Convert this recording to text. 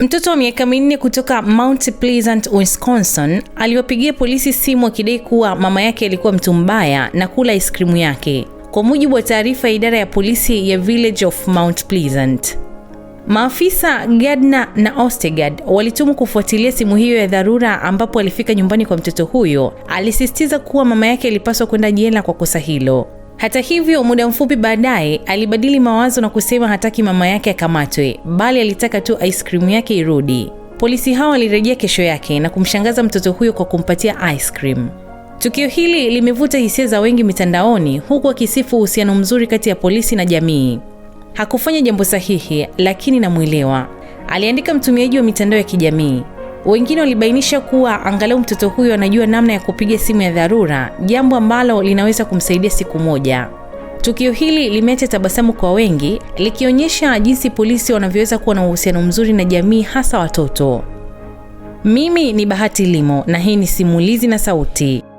Mtoto wa miaka minne kutoka Mount Pleasant, Wisconsin aliwapigia polisi simu akidai kuwa mama yake alikuwa mtu mbaya na kula aiskrimu yake. Kwa mujibu wa taarifa ya idara ya polisi ya Village of Mount Pleasant, maafisa Gardner na Ostegard walitumwa kufuatilia simu hiyo ya dharura, ambapo alifika nyumbani kwa mtoto huyo. Alisisitiza kuwa mama yake alipaswa kwenda jela kwa kosa hilo. Hata hivyo, muda mfupi baadaye alibadili mawazo na kusema hataki mama yake akamatwe, bali alitaka tu ice cream yake irudi. Polisi hao alirejea kesho yake na kumshangaza mtoto huyo kwa kumpatia ice cream. Tukio hili limevuta hisia za wengi mitandaoni, huku akisifu uhusiano mzuri kati ya polisi na jamii. Hakufanya jambo sahihi, lakini namwelewa, aliandika mtumiaji wa mitandao ya kijamii. Wengine walibainisha kuwa angalau mtoto huyo anajua namna ya kupiga simu ya dharura, jambo ambalo linaweza kumsaidia siku moja. Tukio hili limeacha tabasamu kwa wengi, likionyesha jinsi polisi wanavyoweza kuwa na uhusiano mzuri na jamii, hasa watoto. Mimi ni Bahati Limo na hii ni Simulizi na Sauti.